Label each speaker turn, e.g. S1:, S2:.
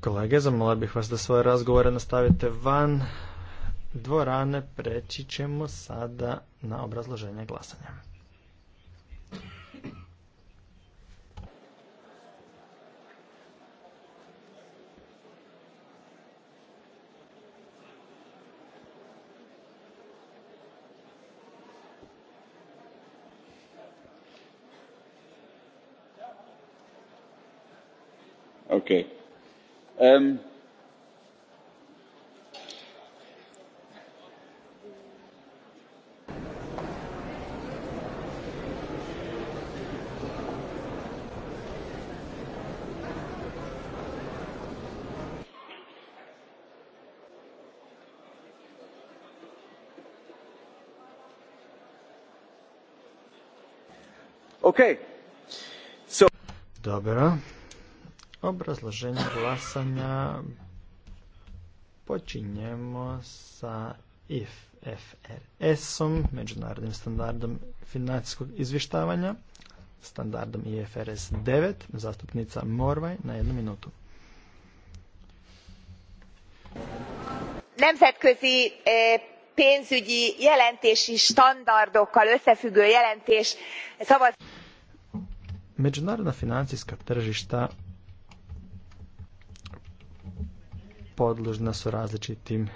S1: Kolege, zamolio bih vas da svoje razgovore nastavite van dvorane. Preći ćemo sada na obrazloženje glasanja.
S2: Okay. Um,
S3: okay. So... Dobro.
S1: Obrazloženje glasanja počinjemo sa ifrs om međunarodnim standardom financijskog izvještavanja, standardom IFRS 9, zastupnica Morvaj na jednu minutu.
S4: Nemzetközi e, pénzügyi jelentési standardokkal összefüggő jelentés szavaz...
S1: Međunarodna financijska tržišta podložna su različitim